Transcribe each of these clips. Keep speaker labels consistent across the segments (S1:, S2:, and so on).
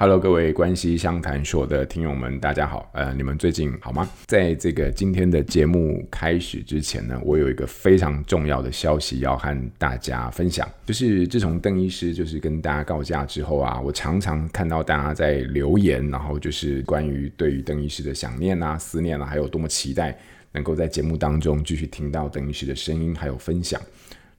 S1: Hello，各位關係相談所的聽友們，大家好。呃，你們最近好嗎？在這個今天的節目開始之前呢，我有一個非常重要的消息要和大家分享。就是自從鄧醫師就是跟大家告假之後啊，我常常看到大家在留言，然後就是關於對於鄧醫師的想念吶、啊、思念啊，還有多麼期待能夠在節目當中繼續聽到鄧醫師的聲音還有分享。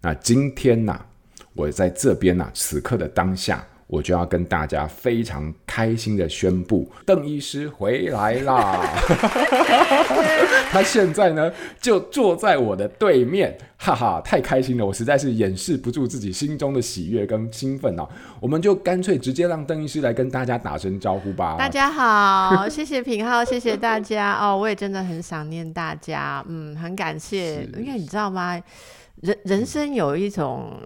S1: 那今天呢、啊，我在這邊呢、啊，此刻的當下。我就要跟大家非常開心的宣布，鄧醫師回來啦！ 他現在呢就坐在我的對面，哈哈，太開心了，我實在是掩飾不住自己心中的喜悅跟興奮啊。我們就乾脆直接讓鄧醫師來跟大家打聲招呼吧。大家
S2: 好，謝謝品皓， 謝謝大家哦，我也真的很想念大家，嗯，很感謝，因為你知道嗎，人人生有一種。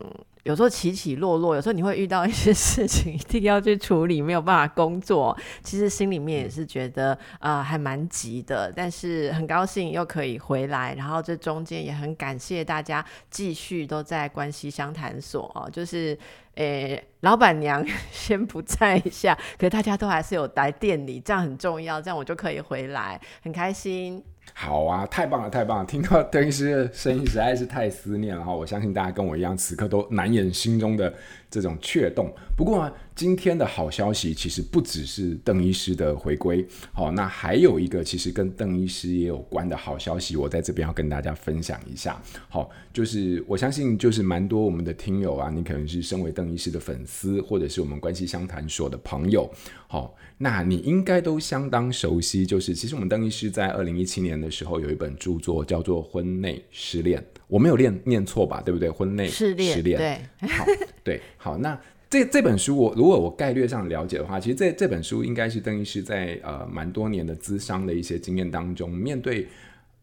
S2: 有時候起起落落，有時候你會遇到一些事情，一定要去處理，沒有辦法工作。其實心裡面也是覺得，呃，還蠻急的。但是很高興又可以回來，然後這中間也很感謝大家繼續都在關係相談所哦，就是，誒、欸，老板娘先不在一下，可是大家都還是有來店裡，這樣很重要，這樣我就可以回來，很開心。
S1: 好啊，太棒了，太棒了！聽到鄧醫師的聲音實在是太思念了哈，我相信大家跟我一樣，此刻都難掩心中的這種雀動。不過啊，今天的好消息其實不只是鄧醫師的回歸，好，那還有一個其實跟鄧醫師也有關的好消息，我在這邊要跟大家分享一下。好，就是我相信就是蠻多我們的聽友啊，你可能是身為鄧醫師的粉絲，或者是我們關係相談所的朋友，好，那你應該都相當熟悉，就是其實我們鄧醫師在二零一七年的時候有一本著作叫做《婚內失戀》，我沒有念念錯吧？對不對？婚內失戀，失戀，好，對，好，那。這這本書我，我如果我概略上了解的話，其實這這本書應該是鄧醫師在呃蠻多年的諮商的一些經驗當中，面對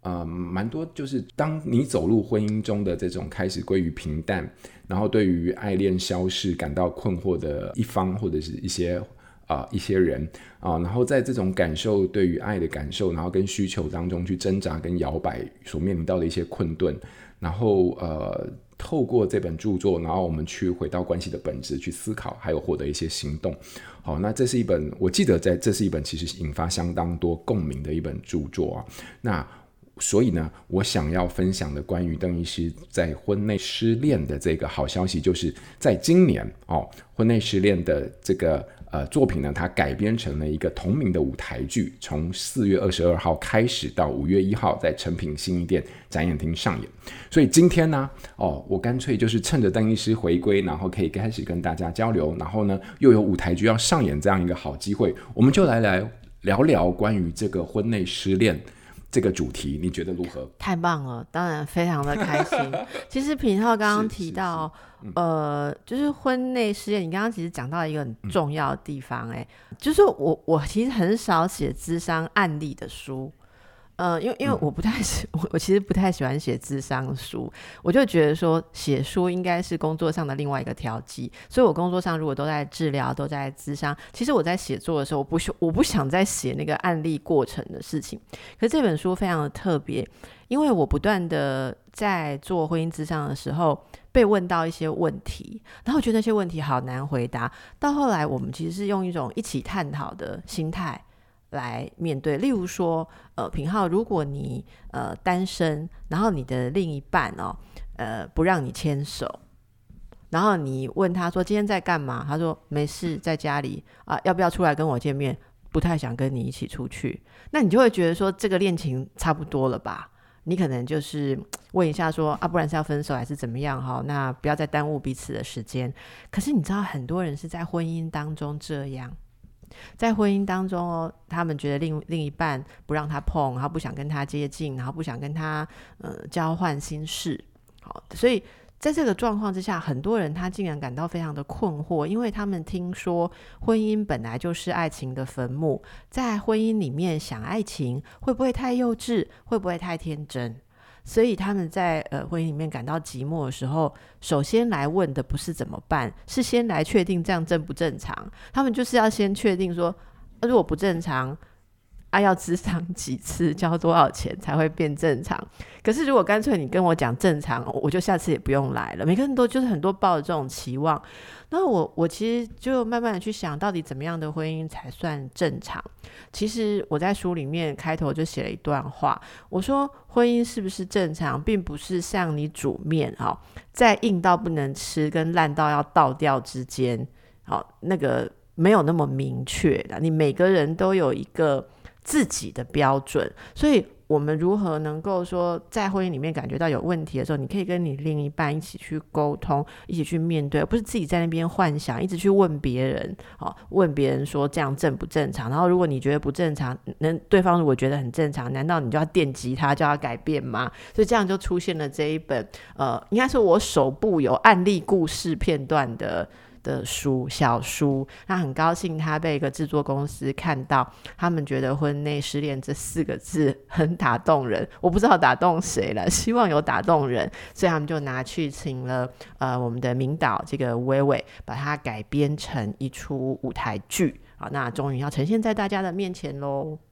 S1: 呃蠻多就是當你走入婚姻中的這種開始歸於平淡，然後對於愛戀消逝感到困惑的一方或者是一些啊、呃、一些人啊、呃，然後在這種感受對於愛的感受，然後跟需求當中去掙扎跟搖擺所面臨到的一些困頓，然後呃。透過這本著作，然後我們去回到關係的本質去思考，還有獲得一些行動。好，哦，那這是一本我記得在，這是一本其實引發相當多共鳴的一本著作啊。那所以呢，我想要分享的關於鄧醫師在婚內失戀的這個好消息，就是在今年哦，婚內失戀的這個。呃，作品呢，它改編成了一個同名的舞台劇，從四月二十二號開始到五月一號，在誠品信義店展演廳上演。所以今天呢，哦，我乾脆就是趁着鄧醫師回歸，然後可以開始跟大家交流，然後呢，又有舞台劇要上演這樣一個好機會，我們就來來聊聊關於這個婚內失戀。這個主題你覺得如何？
S2: 太棒了，當然非常的開心。 其實品皓剛剛提到是是是，嗯，呃，就是婚內失戀，你剛剛其實講到一個很重要的地方，欸，哎，嗯，就是我我其實很少寫諮商案例的書。嗯、呃，因為因為我不太喜、嗯，我我其實不太喜歡寫諮商書，我就覺得說寫書應該是工作上的另外一個調劑。所以我工作上如果都在治療，都在諮商，其實我在寫作的時候，我不我不想再寫那個案例過程的事情。可是這本書非常的特別，因為我不斷的在做婚姻諮商的時候，被問到一些問題，然後我覺得那些問題好難回答。到後來，我們其實是用一種一起探討的心態。來面對，例如說，呃，品皓，如果你呃單身，然後你的另一半哦，呃，不讓你牽手，然後你問他說今天在幹嘛，他說沒事，在家裡啊、呃，要不要出來跟我見面？不太想跟你一起出去，那你就會覺得說這個戀情差不多了吧？你可能就是問一下說啊，不然是要分手還是怎麼樣？哈，那不要再耽誤彼此的時間。可是你知道，很多人是在婚姻當中這樣。在婚姻當中哦，他們覺得另另一半不讓他碰，然後不想跟他接近，然後不想跟他嗯、呃、交換心事，好，所以在這個狀況之下，很多人他竟然感到非常的困惑，因為他們聽說婚姻本來就是愛情的墳墓，在婚姻裡面想愛情會不會太幼稚，會不會太天真？所以他們在呃婚姻裡面感到寂寞的時候，首先來問的不是怎麼辦，是先來確定這樣正不正常。他們就是要先確定說，啊，如果不正常。愛、啊、要諮商，幾次，交多少錢才會變正常？可是如果乾脆你跟我講正常，我就下次也不用來了。每個人都就是很多抱着這種期望，那我我其實就慢慢的去想，到底怎麼樣的婚姻才算正常？其實我在書裡面開頭就寫了一段話，我說婚姻是不是正常，並不是像你煮麵哈、喔，在硬到不能吃跟爛到要倒掉之間，好、喔，那個沒有那麼明確的，你每個人都有一個。自己的標準，所以我們如何能夠說在婚姻裡面感覺到有問題的時候，你可以跟你另一半一起去溝通，一起去面對，而不是自己在那邊幻想，一直去問別人，好、哦，問別人說這樣正不正常？然後如果你覺得不正常，那對方如果覺得很正常，難道你就要電擊他？就要改變嗎？所以這樣就出現了這一本，呃，應該是我首部有案例故事片段的，的書小書，他很高興，他被一個制作公司看到，他們覺得“婚內失戀”這四個字很打動人，我不知道打動誰了，希望有打動人，所以他們就拿去請了呃，我們的名導這個偉偉，把它改編成一出舞台劇。好，那終於要呈現在大家的面前嘍。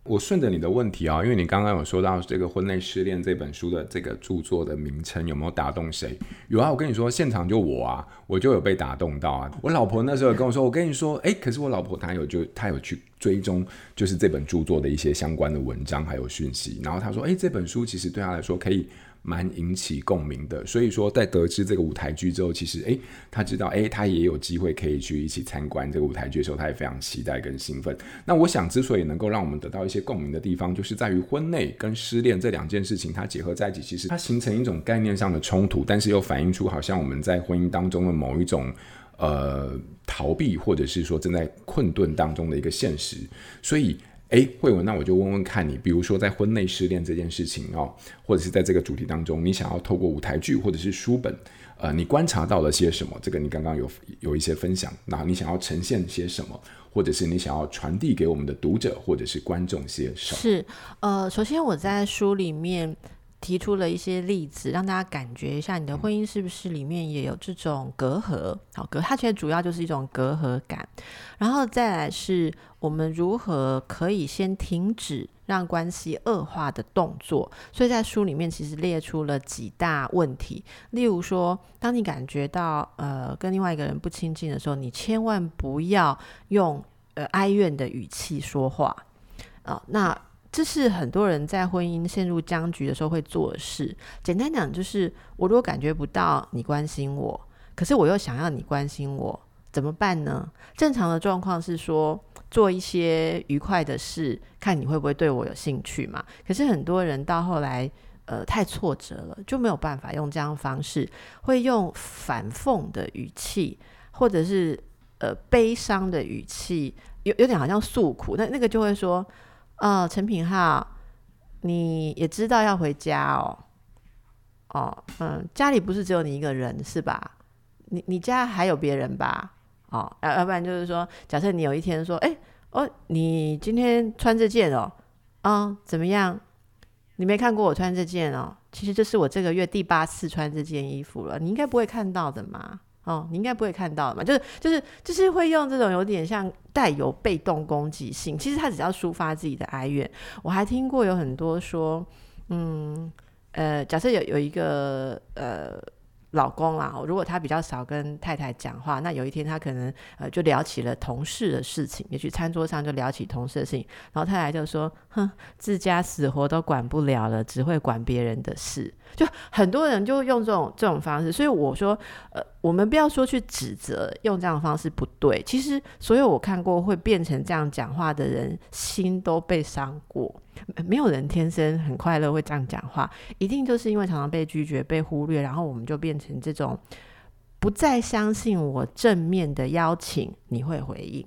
S1: 我順着你的問題啊，因為你剛剛有說到這個《婚內失戀》這本書的這個著作的名稱有沒有打動誰？有啊，我跟你說，現場就我啊，我就有被打動到啊。我老婆那時候跟我說，我跟你說，誒，可是我老婆她有就她有去追蹤，就是這本著作的一些相關的文章還有訊息，然後她說，誒，這本書其實對她來說可以。蠻引起共鳴的，所以說在得知這個舞台劇之後，其實誒、欸、他知道誒、欸，他也有機會可以去一起參觀這個舞台劇的時候，他也非常期待跟興奮。那我想，之所以能夠讓我們得到一些共鳴的地方，就是在於婚內跟失戀這兩件事情，它結合在一起，其實它形成一種概念上的衝突，但是又反映出好像我們在婚姻當中的某一種呃逃避，或者是說正在困頓當中的一個現實，所以。誒，惠文，那我就問問看你，比如說在婚內失戀這件事情哦，或者是在這個主題當中，你想要透過舞台劇或者是書本，呃，你觀察到了些什麼？這個你剛剛有有一些分享，那你想要呈現些什麼，或者是你想要傳遞給我們的讀者或者是觀眾些什麼？是，
S2: 呃，首先我在書裡面。提出了一些例子，讓大家感覺一下你的婚姻是不是裡面也有這種隔閡？好、哦、隔，它其實主要就是一種隔閡感。然後再來是我們如何可以先停止讓關係惡化的動作。所以在書裡面其實列出了幾大問題，例如說，當你感覺到呃跟另外一個人不親近的時候，你千萬不要用呃哀怨的語氣說話。哦，那這是很多人在婚姻陷入僵局的時候會做的事。簡單講，就是我如果感覺不到你關心我，可是我又想要你關心我，怎麼辦呢？正常的狀況是說做一些愉快的事，看你會不會對我有興趣嘛。可是很多人到後來，呃，太挫折了，就沒有辦法用這樣的方式，會用反諷的語氣，或者是呃悲傷的語氣，有有點好像訴苦，那那個就會說。呃、哦，陳品皓，你也知道要回家哦，哦，嗯，家裡不是只有你一個人是吧？你你家還有別人吧？哦，要要不然就是說，假設你有一天說，哎、欸，哦，你今天穿這件哦，哦，怎麼樣？你沒看過我穿這件哦，其實這是我這個月第八次穿這件衣服了，你應該不會看到的嘛。哦，你應該不會看到嘛，就是就是就是會用這種有點像帶有被動攻擊性，其實他只要抒發自己的哀怨。我還聽過有很多說，嗯，呃，假設有有一個呃老公啦、啊，如果他比較少跟太太講話，那有一天他可能呃就聊起了同事的事情，也許餐桌上就聊起同事的事情，然後太太就說，哼，自家死活都管不了了，只會管別人的事。就很多人就用這種這種方式，所以我說，呃，我們不要說去指責用這樣的方式不對。其實，所有我看過會變成這樣講話的人，心都被傷過。沒有人天生很快樂會這樣講話，一定就是因為常常被拒絕、被忽略，然後我們就變成這種不再相信我正面的邀請，你會回應。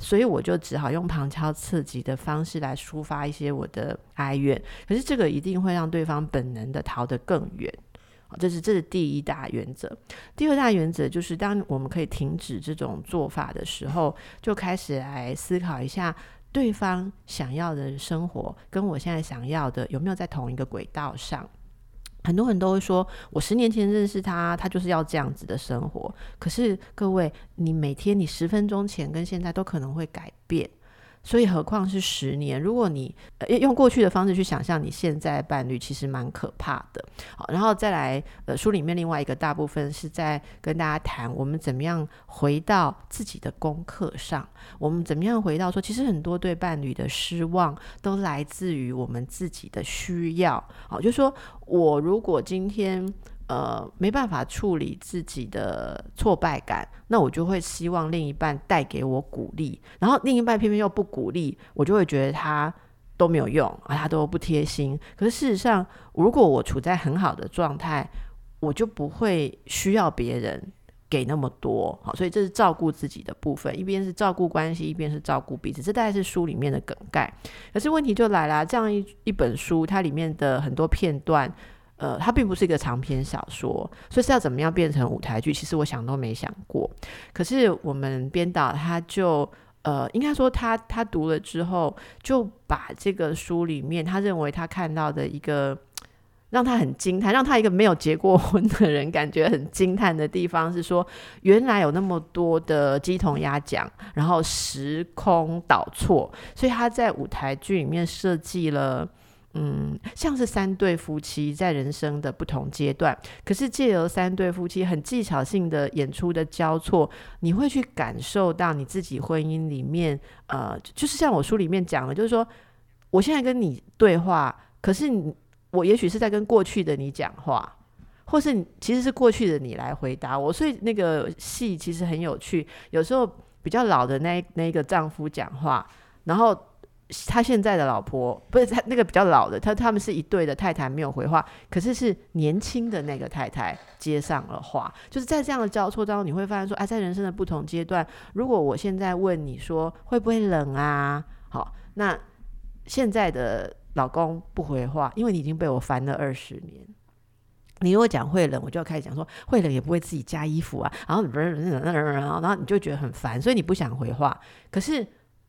S2: 所以我就只好用旁敲側擊的方式來抒發一些我的哀怨，可是這個一定會讓對方本能的逃得更遠，這是這是第一大原則。第二大原則就是，當我們可以停止這種做法的時候，就開始來思考一下，對方想要的生活跟我現在想要的有沒有在同一個軌道上。很多人都會說，我十年前認識他，他就是要這樣子的生活。可是各位，你每天你十分鐘前跟現在都可能會改變。所以，何況是十年？如果你，呃，用過去的方式去想象你現在伴侶，其實蠻可怕的。好，然後再來，呃，書裡面另外一個大部分是在跟大家談我們怎麼樣回到自己的功課上，我們怎麼樣回到說，其實很多對伴侶的失望都來自於我們自己的需要。好，就說我如果今天。呃，沒辦法處理自己的挫敗感，那我就會希望另一半帶給我鼓勵，然後另一半偏偏又不鼓勵，我就會覺得他都沒有用啊，他都不貼心。可是事實上，如果我處在很好的狀態，我就不會需要別人給那麼多。好，所以這是照顧自己的部分，一邊是照顧關係，一邊是照顧彼此，這大概是書裡面的梗概。可是問題就來了，這樣一一本書，它裡面的很多片段。呃，他並不是一個長篇小說，所以是要怎麼樣變成舞台劇？其實我想都沒想過。可是我們編導他就呃，應該說他他讀了之後，就把這個書裡面他認為他看到的一個讓他很驚嘆，讓他一個沒有結過婚的人感覺很驚嘆的地方是說，原來有那麼多的雞同鴨講，然後時空倒錯，所以他在舞台劇裡面設計了。嗯，像是三對夫妻在人生的不同階段，可是借由三對夫妻很技巧性的演出的交錯，你會去感受到你自己婚姻裡面，呃，就是像我書裡面講的，就是說，我現在跟你對話，可是我也許是在跟過去的你講話，或是其實是過去的你來回答我，所以那個戲其實很有趣。有時候比較老的那那個丈夫講話，然後。他現在的老婆不是他那個比較老的，他他們是一對的，太太沒有回話，可是是年輕的那個太太接上了話，就是在這樣的交錯當中，你會發現說，哎、啊，在人生的不同階段，如果我現在問你說會不會冷啊？好，那現在的老公不回話，因為你已經被我煩了二十年。你如果講會冷，我就要開始講說會冷也不會自己加衣服啊，然後然後然後然後你就覺得很煩，所以你不想回話，可是。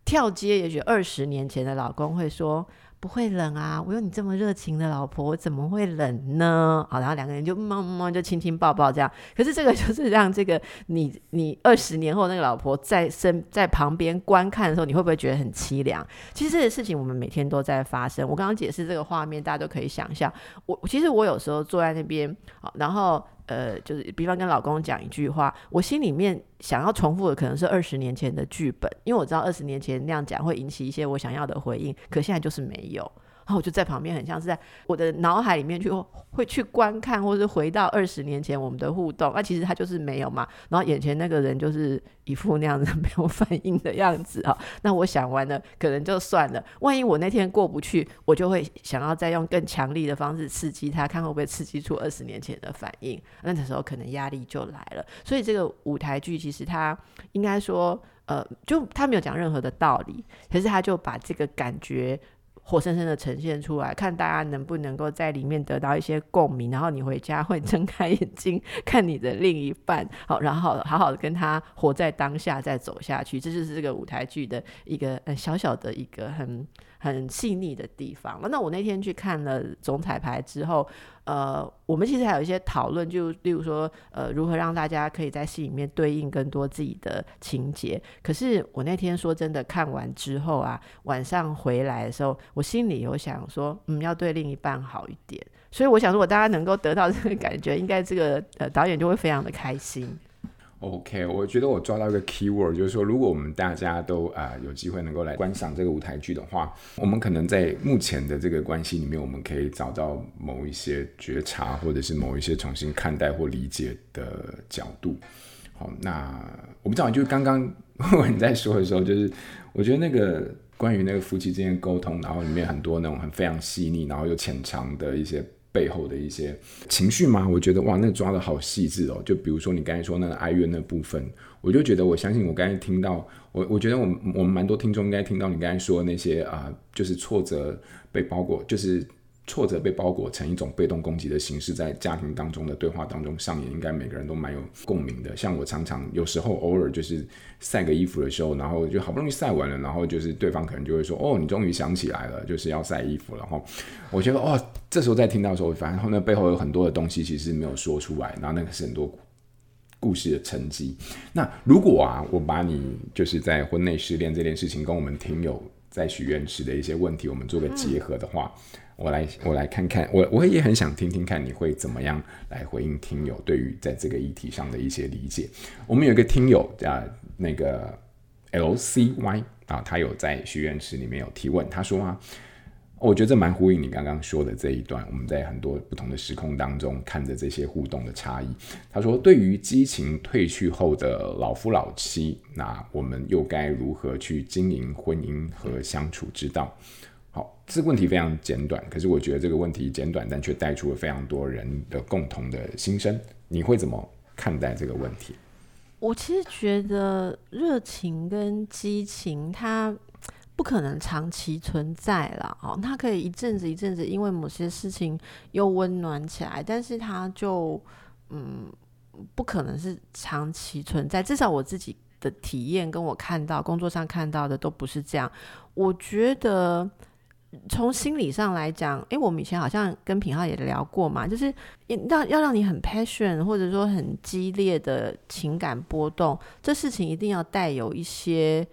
S2: 跳接，也許二十年前的老公會說，不會冷啊，我有你這麼熱情的老婆，我怎麼會冷呢？好，然後兩個人就慢慢就親親抱抱這樣。可是這個就是讓這個你你二十年後那個老婆在身在旁邊觀看的時候，你會不會覺得很淒涼？其實這些事情我們每天都在發生。我剛剛解釋這個畫面，大家都可以想象。我其實我有時候坐在那邊，好，然後。呃，就是比方跟老公講一句話，我心裡面想要重複的可能是二十年前的劇本，因為我知道二十年前那樣講會引起一些我想要的回應，可現在就是沒有。然後我就在旁邊，很像是在我的腦海裡面去會去觀看，或是回到二十年前我們的互動。那其實他就是沒有嘛。然後眼前那個人就是一副那樣子沒有反應的樣子啊。那我想完了，可能就算了。萬一我那天過不去，我就會想要再用更強力的方式刺激他，看會不會刺激出二十年前的反應。那這時候可能壓力就來了。所以這個舞台劇其實他應該說呃，就他沒有講任何的道理，可是他就把這個感覺。活生生的呈現出來，看大家能不能夠在裡面得到一些共鳴，然後你回家會睜開眼睛、嗯、看你的另一半，好，然後好好的跟他活在當下再走下去，這就是這個舞台劇的一個、嗯、小小的一個很很細膩的地方。那我那天去看了總彩排之後。呃，我們其實還有一些討論，就例如說，呃，如何讓大家可以在戲裡面對應更多自己的情節。可是我那天說真的，看完之後啊，晚上回來的時候，我心裡有想說，嗯，要對另一半好一點。所以我想，如果大家能夠得到這個感覺，應該這個呃導演就會非常的開心。
S1: OK，我覺得我抓到一個 keyword，就是說，如果我們大家都啊、呃、有機會能夠來觀賞這個舞台劇的話，我們可能在目前的這個關係裡面，我們可以找到某一些覺察，或者是某一些重新看待或理解的角度。好，那我不知道，就是剛剛 你在說的時候，就是我覺得那個關於那個夫妻之間溝通，然後裡面很多那種很非常細膩，然後又淺嘗的一些。背後的一些情緒嗎？我覺得哇，那抓得好細緻哦。就比如說你剛才說那個哀怨那部分，我就覺得我相信我剛才聽到，我我覺得我們我們蠻多聽眾應該聽到你剛才說的那些啊、呃，就是挫折被包裹，就是。挫折被包裹成一種被動攻擊的形式，在家庭當中的對話當中上演，應該每個人都蠻有共鳴的。像我常常有時候偶爾就是曬個衣服的時候，然後就好不容易曬完了，然後就是對方可能就會說：“哦，你終於想起來了，就是要曬衣服了。”我覺得哦，這時候再聽到的時候，反正後那背後有很多的東西其實沒有說出來，然後那個是很多故事的沉積。那如果啊，我把你就是在婚內失戀這件事情跟我們聽友在許願池的一些問題，我們做個結合的話。我來，我來看看我，我也很想聽聽看你會怎麼樣來回應聽友對於在這個議題上的一些理解。我們有一個聽友啊，那個 L C Y 啊，他有在許願池裡面有提問，他說啊，我覺得這蠻呼應你剛剛說的這一段。我們在很多不同的時空當中看着這些互動的差異。他說，對於激情褪去後的老夫老妻，那我們又該如何去經營婚姻和相處之道？好，這個問題非常簡短，可是我覺得這個問題簡短，但卻帶出了非常多人的共同的心聲。你會怎麼看待這個問題？
S2: 我其實覺得熱情跟激情，它不可能長期存在了哦。它可以一陣子一陣子，因為某些事情又溫暖起來，但是它就嗯，不可能是長期存在。至少我自己的體驗，跟我看到工作上看到的都不是這樣。我覺得。從心理上來講，誒，我們以前好像跟品皓也聊過嘛，就是讓要讓你很 passion，或者說很激烈的情感波動，這事情一定要帶有一些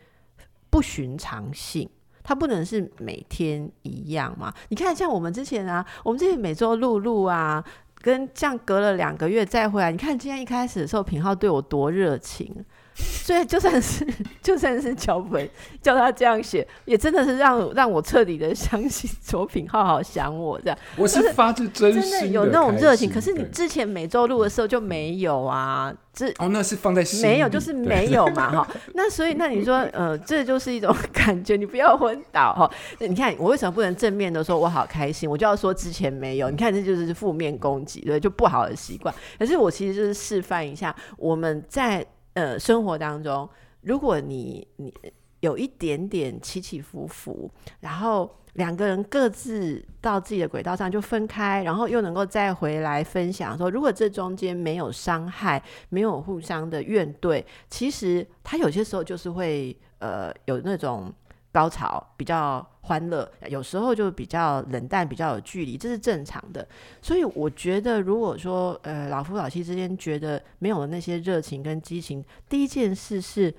S2: 不尋常性，它不能是每天一樣嘛。你看，像我們之前啊，我們之前每週錄錄啊，跟這樣隔了兩個月再回來，你看今天一開始的時候，品皓對我多熱情。所以就算是就算是腳本叫他這樣寫，也真的是讓我讓我徹底的相信卓品皓好，好想我這樣。我是發自真心，的心，真的有那種熱情。可是你之前每周錄的時候就沒有啊？這哦，那是放在心沒有，就是沒有嘛哈。對對對，那所以那你說 呃，這就是一種感覺。你不要昏倒哈。你看我為什麼不能正面的說我好開心？我就要說之前沒有。你看這就是負面攻擊，對，就不好的習慣。可是我其實就是示範一下，我們在。呃，生活當中，如果你你有一點點起起伏伏，然後兩個人各自到自己的軌道上就分開，然後又能夠再回來分享說，如果這中間沒有傷害，沒有互相的怨懟，其實他有些時候就是會呃有那種高潮比較。歡樂有時候就比較冷淡，比較有距離，這是正常的。所以我覺得，如果說呃老夫老妻之間覺得沒有了那些熱情跟激情，第一件事是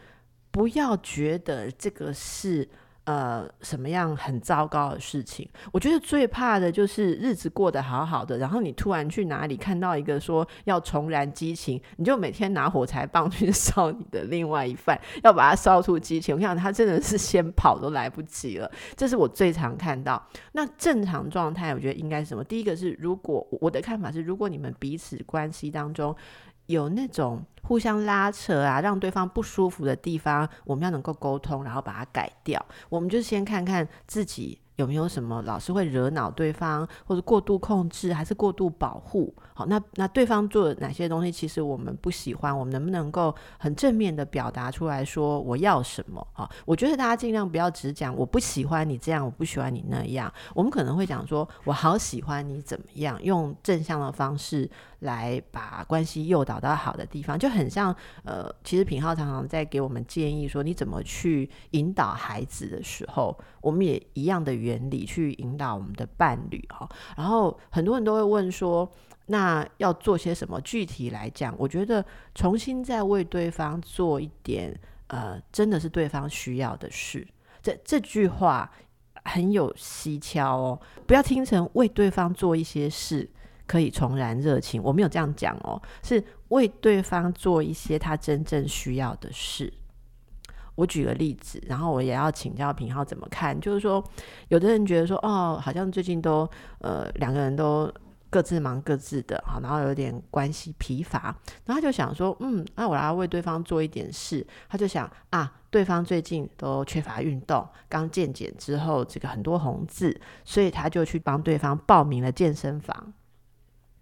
S2: 不要覺得這個是。呃，什麼樣很糟糕的事情？我覺得最怕的就是日子過得好好的，然後你突然去哪裡看到一個說要重燃激情，你就每天拿火柴棒去燒你的另外一半，要把它燒出激情。我想他真的是先跑都來不及了，這是我最常看到。那正常狀態，我覺得應該是什麼？第一個是，如果我的看法是，如果你們彼此關係當中。有那種互相拉扯啊，讓對方不舒服的地方，我們要能夠溝通，然後把它改掉。我們就先看看自己。有沒有什麼老師會惹惱對方，或者過度控制，還是過度保護？好，那那對方做了哪些東西，其實我們不喜歡，我們能不能夠很正面的表達出來說，我要什麼？哈，我覺得大家儘量不要只講我不喜歡你這樣，我不喜歡你那樣。我們可能會講說，我好喜歡你怎麼樣，用正向的方式來把關係誘導到好的地方，就很像呃，其實品皓常常在給我們建議說，你怎麼去引導孩子的時候。我們也一樣的原理去引導我們的伴侶哦，然後很多人都會問說，那要做些什麼？具體來講，我覺得重新再為對方做一點，呃，真的是對方需要的事。這這句話很有蹊蹺哦，不要聽成為對方做一些事可以重燃熱情，我沒有這樣講哦，是為對方做一些他真正需要的事。我舉個例子，然後我也要請教品皓怎麼看。就是說，有的人覺得說，哦，好像最近都呃兩個人都各自忙各自的，好，然後有點關係疲乏，然後他就想說，嗯，那、啊、我來為對方做一點事。他就想啊，對方最近都缺乏運動，剛健檢之後這個很多紅字，所以他就去幫對方報名了健身房。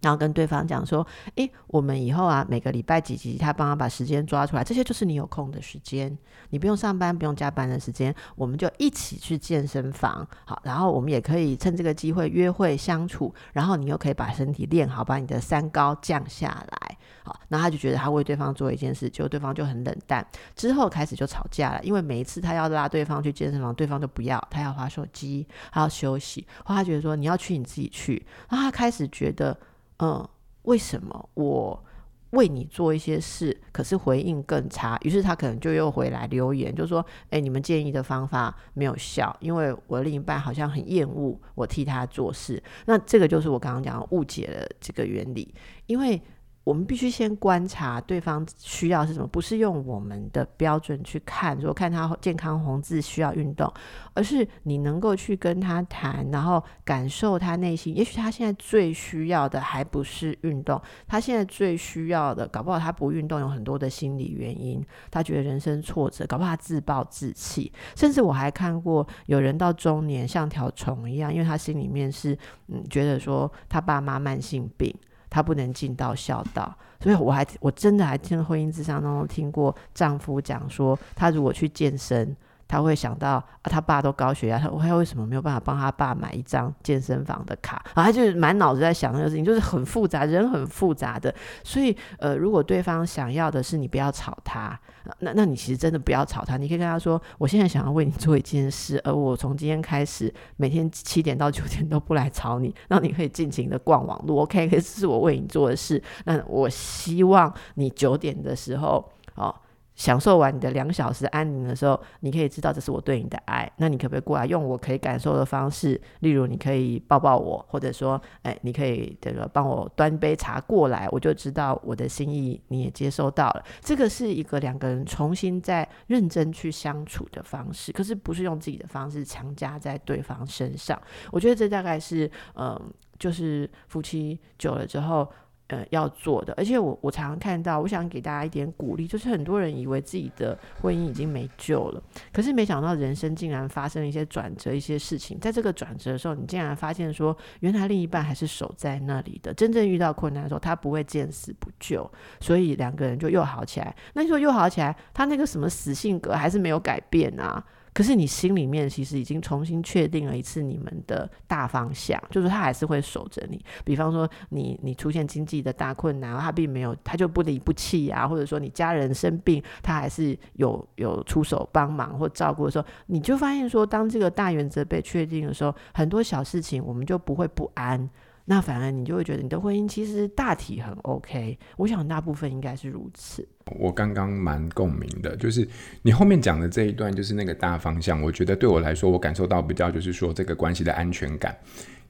S2: 然後跟對方講說：“誒、欸，我們以後啊，每個禮拜幾幾，他幫他把時間抓出來，這些就是你有空的時間，你不用上班、不用加班的時間，我們就一起去健身房，好，然後我們也可以趁這個機會約會相處，然後你又可以把身體練好，把你的三高降下來，好，那他就覺得他為對方做一件事，結果對方就很冷淡，之後開始就吵架了，因為每一次他要拉對方去健身房，對方都不要，他要滑手機，他要休息，後他覺得說你要去你自己去，然後他開始覺得。”嗯，為什麼我為你做一些事，可是回應更差？於是他可能就又回來留言，就說：“哎、欸，你們建議的方法沒有效，因為我另一半好像很厭惡我替他做事。”那這個就是我剛剛講誤解了這個原理，因為。我們必須先觀察對方需要是什麼，不是用我們的標準去看。如果看他健康紅字需要運動，而是你能夠去跟他談，然後感受他內心。也許他現在最需要的還不是運動，他現在最需要的，搞不好他不運動有很多的心理原因。他覺得人生挫折，搞不好他自暴自棄。甚至我還看過有人到中年像條蟲一樣，因為他心裡面是嗯覺得說他爸媽慢性病，他不能盡到孝道，所以我還我真的還聽婚姻諮商當中聽過丈夫講說，他如果去健身。他會想到、啊，他爸都高血壓，他我還為什麼沒有辦法幫他爸買一張健身房的卡？然後、啊、他就是滿腦子在想那個事情，就是很複雜，人很複雜的。所以，呃，如果對方想要的是你不要吵他，啊、那那你其實真的不要吵他。你可以跟他說，我現在想要為你做一件事，而我從今天開始，每天七點到九點都不來吵你，讓你可以盡情的逛網絡，OK？可是這是我為你做的事。那我希望你九點的時候，哦、啊。享受完你的兩小時安寧的時候，你可以知道這是我對你的愛。那你可不可以過來用我可以感受的方式？例如，你可以抱抱我，或者說，誒、哎，你可以這個幫我端杯茶過來，我就知道我的心意你也接收到了。這個是一個兩個人重新在認真去相處的方式，可是不是用自己的方式強加在對方身上。我覺得這大概是，嗯，就是夫妻久了之後。呃、嗯，要做的，而且我我常常看到，我想給大家一點鼓勵，就是很多人以為自己的婚姻已經沒救了，可是沒想到人生竟然發生了一些轉折，一些事情，在這個轉折的時候，你竟然發現說，原來另一半還是守在那裡的，真正遇到困難的時候，他不會見死不救，所以兩個人就又好起來。那你說又好起來，他那個什麼死性格還是沒有改變啊？可是你心裡面其實已經重新確定了一次你們的大方向，就是他還是會守着你。比方說你你出現經濟的大困難，他並沒有他就不離不棄啊，或者說你家人生病，他還是有有出手幫忙或照顧的時候，你就發現說，當這個大原則被確定的時候，很多小事情我們就不會不安。那反而你就會覺得你的婚姻其實大體很 OK，我想大部分應該是如此。
S1: 我剛剛蠻共鳴的，就是你後面講的這一段，就是那個大方向，我覺得對我來說，我感受到比較就是說這個關係的安全感，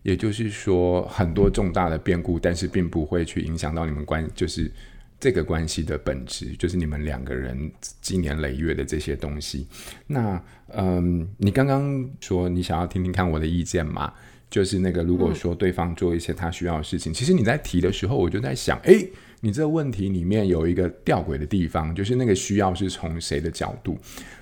S1: 也就是說很多重大的變故，但是並不會去影響到你們關，就是這個關係的本質，就是你們兩個人積年累月的這些東西。那嗯，你剛剛說你想要聽聽看我的意見嗎？就是那個，如果說對方做一些他需要的事情，嗯、其實你在提的時候，我就在想，哎，你這個問題裡面有一個弔詭的地方，就是那個需要是從誰的角度？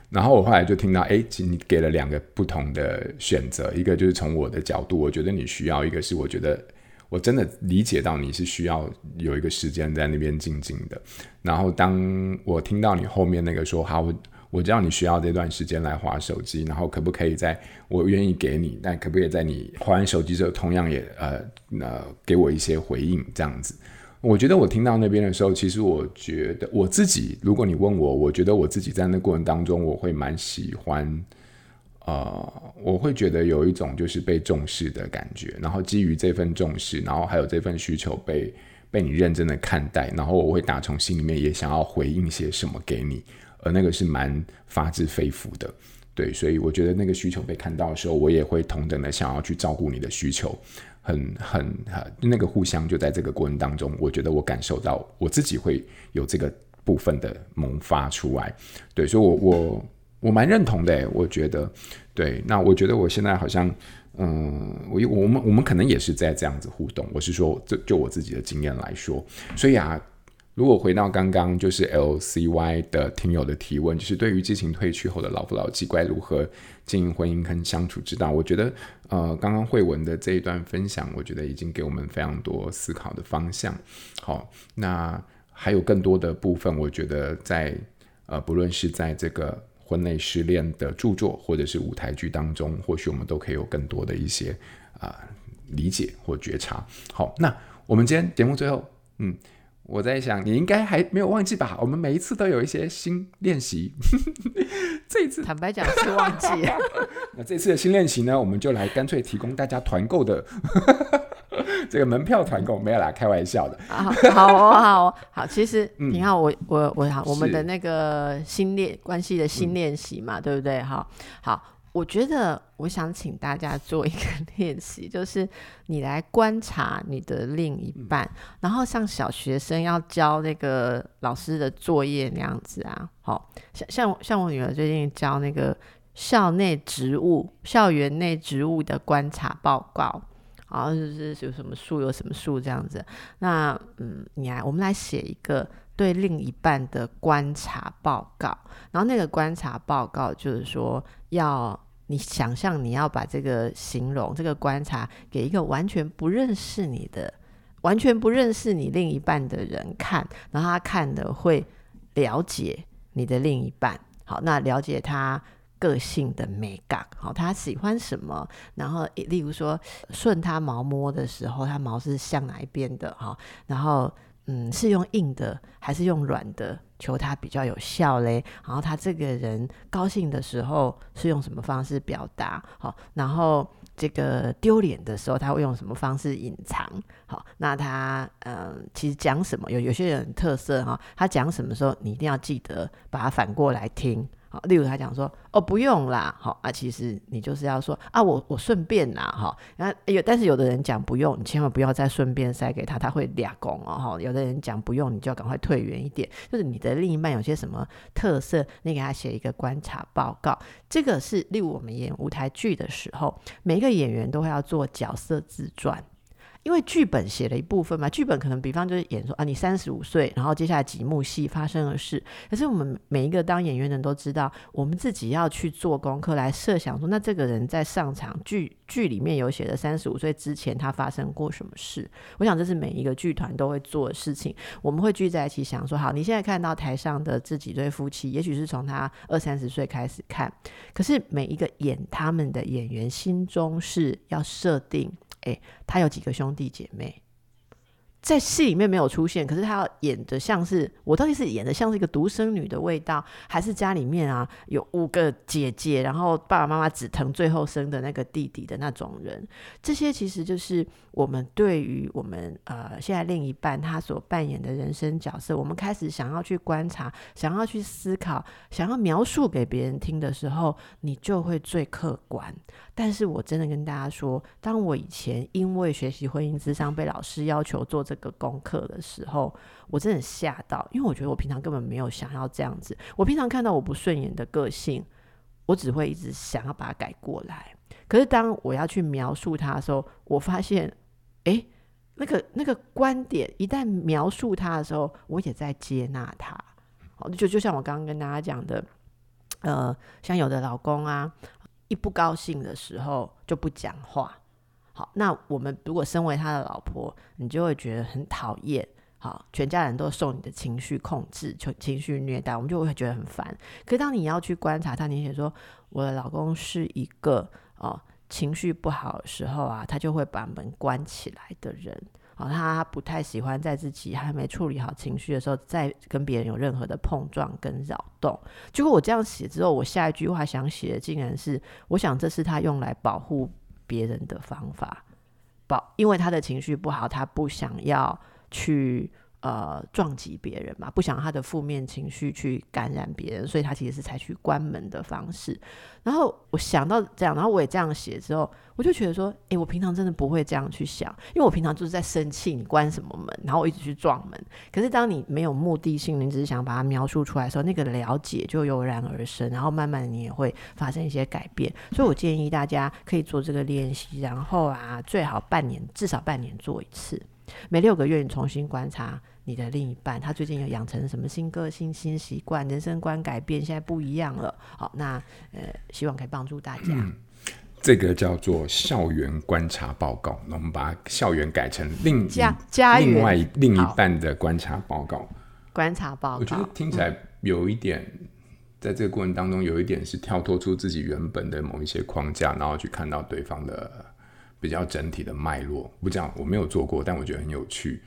S1: 然後我後來就聽到，哎，你給了兩個不同的選擇，一個就是從我的角度，我覺得你需要；一個是我覺得我真的理解到你是需要有一個時間在那邊靜靜的。然後當我聽到你後面那個說，我知道你需要這段時間來滑手機，然後可不可以在我願意給你，但可不可以在你滑完手機之後，同樣也呃呃給我一些回應？這樣子，我覺得我聽到那邊的時候，其實我覺得我自己，如果你問我，我覺得我自己在那過程當中，我會蠻喜歡，呃，我會覺得有一種就是被重視的感覺，然後基於這份重視，然後還有這份需求被被你認真的看待，然後我會打從心裡面也想要回應些什麼給你。而那個是蠻發自肺腑的，對，所以我覺得那個需求被看到的時候，我也會同等的想要去照顧你的需求，很很那個互相就在這個過程當中，我覺得我感受到我自己會有這個部分的萌發出來，對，所以我，我我我蠻認同的，我覺得，對，那我覺得我現在好像，嗯，我我們我們可能也是在這樣子互動，我是說，就，就我自己的經驗來說，所以啊。如果回到剛剛，就是 L C Y 的聽友的提問，就是對於激情褪去後的老夫老妻該如何經營婚姻跟相處之道，我覺得呃，剛剛惠文的這一段分享，我覺得已經給我們非常多思考的方向。好，那還有更多的部分，我覺得在呃，不論是在這個婚內失戀的著作，或者是舞台劇當中，或許我們都可以有更多的一些啊、呃、理解或覺察。好，那我們今天節目最後，嗯。我在想，你應該還沒有忘記吧？我們每一次都有一些新練習，
S2: 這一次坦白講是忘記了。 那
S1: 這次的新練習呢？我們就來乾脆提供大家團購的 這個門票團購，沒有
S2: 啦，開玩笑的、 啊好好好。好，好，好，好，其實挺好。我，我，我好，我，我們的那個新練關係的新練習嘛、嗯，對不對？哈。好。我覺得我想請大家做一個練習，就是你來觀察你的另一半，嗯、然後像小學生要交那個老師的作業那樣子啊，好，像像像我女兒最近交那個校內植物、校園內植物的觀察報告，好就是有什麼樹有什麼樹這樣子。那嗯，你來，我們來寫一個對另一半的觀察報告，然後那個觀察報告就是說要。你想象你要把這個形容，這個觀察給一個完全不認識你的，完全不認識你另一半的人看，然後他看的會了解你的另一半。好，那了解他個性的美感，好，哦，他喜歡什麼？然後，例如說，順他毛摸的時候，他毛是向哪一邊的？哈，哦，然後，嗯，是用硬的還是用軟的？求他比較有效嘞，然後他這個人高興的時候是用什麼方式表達？好，然後這個丟臉的時候他會用什麼方式隱藏？好，那他嗯，其實講什麼有有些人特色哈，他講什麼時候你一定要記得把它反過來聽。例如他講說，哦，不用啦，好、哦，啊，其實你就是要說，啊，「我我順便啦。」哈，然後有，但是有的人講不用，你千萬不要再順便塞給他，他會兩功哦。哦，有的人講不用，你就要趕快退遠一點，就是你的另一半有些什麼特色，你給他寫一個觀察報告，這個是例如我們演舞台劇的時候，每一個演員都會要做角色自傳。因為劇本寫了一部分嘛，劇本可能比方就是演說啊，你三十五歲，然後接下來幾幕戲發生了事。可是我們每一個當演員的人都知道，我們自己要去做功課來設想說，那這個人在上場劇、劇裡面有寫的三十五歲之前他發生過什麼事。我想這是每一個劇團都會做的事情，我們會聚在一起想說，好，你現在看到台上的這幾對夫妻，也許是從他二三十歲開始看，可是每一個演他們的演員心中是要設定。哎、欸，他有幾個兄弟姐妹，在戲裡面沒有出現，可是他要演的像是我到底是演的像是一個獨生女的味道，還是家裡面啊有五個姐姐，然後爸爸媽媽只疼最後生的那個弟弟的那種人？這些其實就是我們對於我們呃現在另一半他所扮演的人生角色，我們開始想要去觀察，想要去思考，想要描述給別人聽的時候，你就會最客觀。但是我真的跟大家說，當我以前因為學習婚姻諮商被老師要求做這個功課的時候，我真的嚇到，因為我覺得我平常根本沒有想要這樣子。我平常看到我不順眼的個性，我只會一直想要把它改過來。可是當我要去描述它的時候，我發現，哎、欸，那個那個觀點一旦描述它的時候，我也在接納它。好，就就像我剛剛跟大家講的，呃，像有的老公啊。一不高興的時候就不講話。好，那我們如果身為他的老婆，你就會覺得很討厭。好，全家人都受你的情緒控制、情緒虐待，我們就會覺得很煩。可當你要去觀察他，你想說，我的老公是一個哦，情緒不好的時候啊，他就會把門關起來的人。好、哦，他不太喜歡在自己還沒處理好情緒的時候，再跟別人有任何的碰撞跟擾動。結果我這樣寫之後，我下一句話想寫的，竟然是：我想這是他用來保護別人的方法，保，因為他的情緒不好，他不想要去。呃，撞擊別人嘛，不想他的負面情緒去感染別人，所以他其實是採取關門的方式。然後我想到這樣，然後我也這樣寫之後，我就覺得說，哎、欸，我平常真的不會這樣去想，因為我平常就是在生氣，你關什麼門？然後我一直去撞門。可是當你沒有目的性，你只是想把它描述出來的時候，那個了解就油然而生，然後慢慢你也會發生一些改變。所以我建議大家可以做這個練習，然後啊，最好半年至少半年做一次。每六個月，你重新觀察你的另一半，他最近有養成什麼新個性、新習慣、人生觀改變，現在不一樣了。好，那呃，希望可以幫助大家、嗯。
S1: 這個叫做校園觀察報告，那我們把校園改成另加
S2: 加另外一
S1: 另一半的觀察報告。
S2: 觀察報告，我覺得聽起來
S1: 有一點，嗯、在這個過程當中，有一點是跳脫出自己原本的某一些框架，然後去看到對方的。比較整體的脈絡，不這樣。我沒有做過，但我覺得很有趣。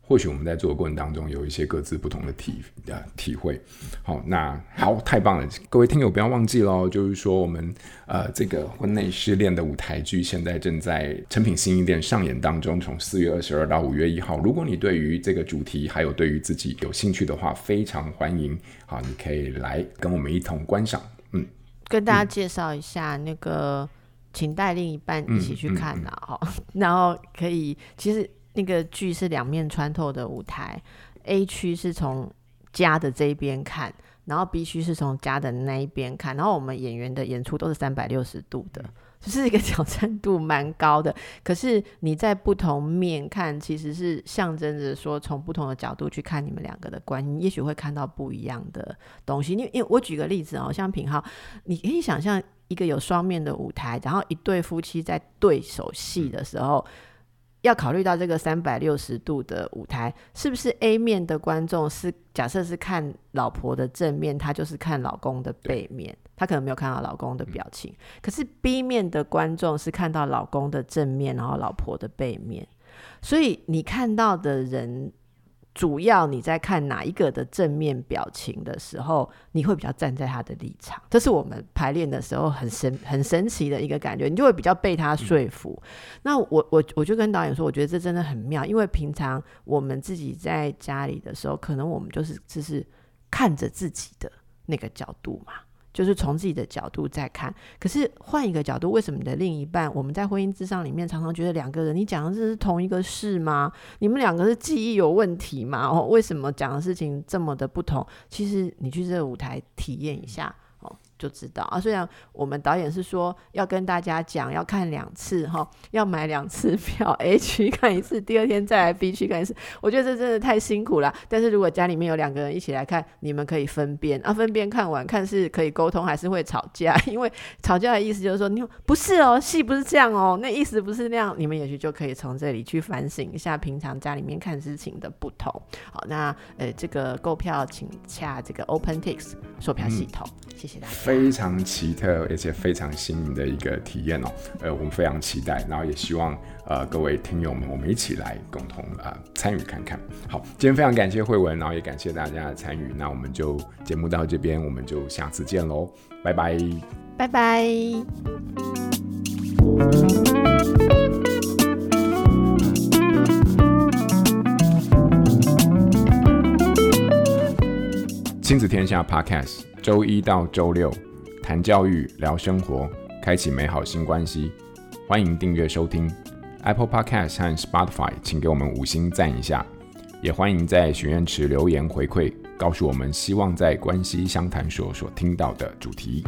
S1: 或許我們在做的過程當中，有一些各自不同的體的體會。好，那好，太棒了！各位聽友不要忘記嘍，就是說我們呃這個婚內失戀的舞台劇，現在正在誠品信義店上演當中，從四月二十二到五月一號。如果你對於這個主題還有對於自己有興趣的話，非常歡迎。好，你可以來跟我們一同觀賞。嗯，
S2: 跟大家介紹一下、嗯、那個。請帶另一半一起去看吶、啊嗯！哦、嗯，嗯、 然後可以，其實那個劇是兩面穿透的舞台，A 區是從家的這一邊看，然後 B 區是從家的那一邊看。然後我們演員的演出都是三百六十度的，就是一個挑戰度蠻高的。可是你在不同面看，其實是象徵着說，從不同的角度去看你們兩個的關係，也許會看到不一樣的東西。因為，因為我舉個例子哦、喔，像品皓，你可以想象。一個有雙面的舞台，然後一對夫妻在對手戲的時候，嗯，要考慮到這個三百六十度的舞台，是不是 A 面的觀眾是假設是看老婆的正面，他就是看老公的背面，他可能沒有看到老公的表情、嗯；可是 B 面的觀眾是看到老公的正面，然後老婆的背面，所以你看到的人。主要你在看哪一個的正面表情的時候，你會比較站在他的立場。這是我們排練的時候很神很神奇的一個感覺，你就會比較被他說服。嗯、那我我我就跟導演說，我覺得這真的很妙，因為平常我們自己在家裡的時候，可能我們就是只、就是看着自己的那個角度嘛。就是從自己的角度在看，可是換一個角度，為什麼你的另一半？我們在婚姻之上裡面常常覺得兩個人，你講的這是同一個事嗎？你們兩個是記憶有問題嗎？哦，為什麼講的事情這麼的不同？其實你去這個舞台體驗一下，就知道啊，雖然我們導演是說要跟大家講要看兩次哈，要買兩次票，A 區看一次，第二天再來 B 區看一次。我覺得這真的太辛苦了。但是如果家裡面有兩個人一起來看，你們可以分邊啊，分邊看完看是可以溝通還是會吵架？因為吵架的意思就是說，你不是哦、喔，戲不是這樣哦、喔，那意思不是那樣。你們也許就可以從這裡去反省一下平常家裡面看事情的不同。好，那呃，這個購票請洽這個 OpenTix 售票系統，謝謝大家。
S1: 非常奇特而且非常新穎的一個體驗哦、喔，呃，我們非常期待，然後也希望呃各位聽友們，我們一起來共同啊參與看看。好，今天非常感謝惠文，然後也感謝大家的參與，那我們就節目到這邊，我們就下次見嘍，拜拜，
S2: 拜拜。
S1: 親子天下 Podcast，週一到週六談教育、聊生活，開啟美好新關係。歡迎訂閱收聽 Apple Podcast 和 Spotify，請給我們五星讚一下，也歡迎在許願池留言回饋，告訴我們希望在關係相談所所聽到的主題。